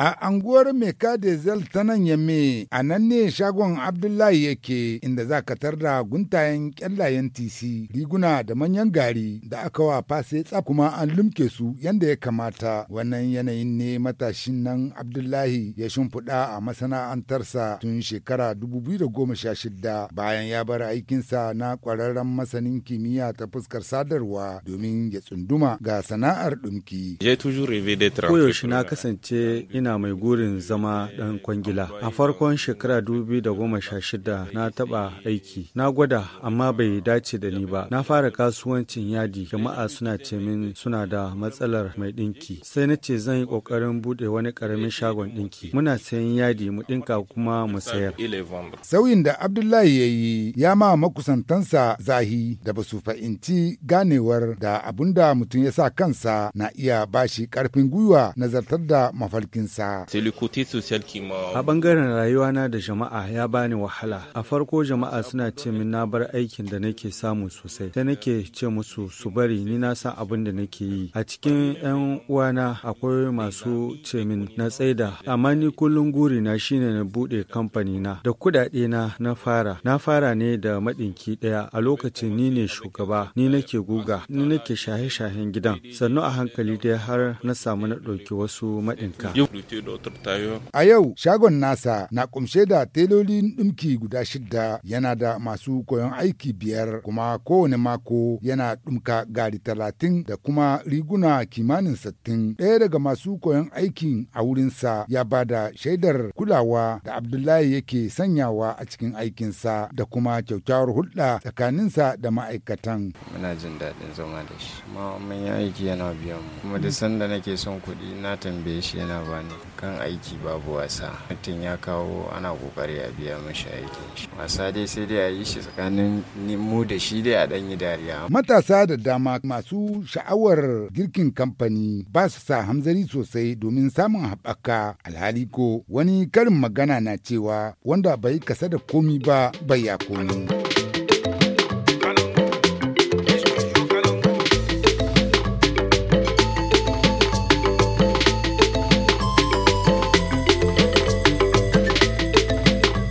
A anguwar Meka Dezel ta nan yamme a nan ne shagon Abdullahi yake inda za ka da guntayen kyallayen tc riguna da manyan gari da aka wa fase tsaf kuma an lumke su yadda ya kamata. Wannan yanayin ne matashin nan Abdullahi ya shimfiɗa a masana'antarsa tun shekara 2016 bayan ya bar aikinsa na ƙwararren masanin kimiyya ta fuskar sadarwa domin ya tsunduma ga sana'ar ɗumki. Koyaushe na kasance ina ina mai gurin zama ɗan kwangila. A farkon shekara shida na taɓa aiki. Na gwada amma bai dace da ni ba. Na fara kasuwancin yadi jama'a suna ce min suna da matsalar mai dinki Sai na ce zan yi ƙoƙarin buɗe wani karamin shagon dinki Muna sayan yadi mu dinka kuma mu sayar. Sauyin da Abdullahi ya yi ya ma makusantansa zahi da basu su fahimci ganewar da abunda mutum ya sa kansa na iya bashi karfin gwiwa nazartar da mafarkinsa. ƙasa. A ɓangaren na da jama'a ya bani wahala. A farko jama'a suna ce min na bar aikin da nake samu sosai. Sai nake ce musu su bari ni na san abin da nake yi. A cikin 'yan uwana akwai masu ce min na tsaida. Amma ni kullum guri na shine na buɗe kamfani na. Da kuɗaɗe na na fara. Na fara ne da maɗinki ɗaya. A lokacin ni ne shugaba. Ni nake guga. Ni nake shahe-shahen gidan. Sannu a hankali dai har na samu na ɗauki wasu maɗinka. A yau shagon nasa na kumshe da telolin ɗumki guda shida yana da masu koyon aiki biyar kuma kowane mako yana dumka gari talatin da kuma riguna kimanin sattin. Ɗaya daga masu koyon aikin a wurinsa ya ba da shaidar kulawa da Abdullahi yake sanyawa a cikin aikinsa da kuma kyaukyawar hulɗa tsakaninsa da ma'aikatan. Muna jin daɗin zama da shi. aiki yana biyan mu. Kuma da sanda nake son kuɗi na tambaye shi yana bani. kan aiki babu wasa mutum ya kawo ana kokari a biya mashi aiki wasa dai sai dai a yi shi tsakanin mu da shi dai a dan yi dariya matasa da dama masu sha'awar girkin kamfani ba su sa hamzari sosai domin samun haɓaka alhali ko wani karin magana na cewa wanda bai kasa da komi ba bai ya komi.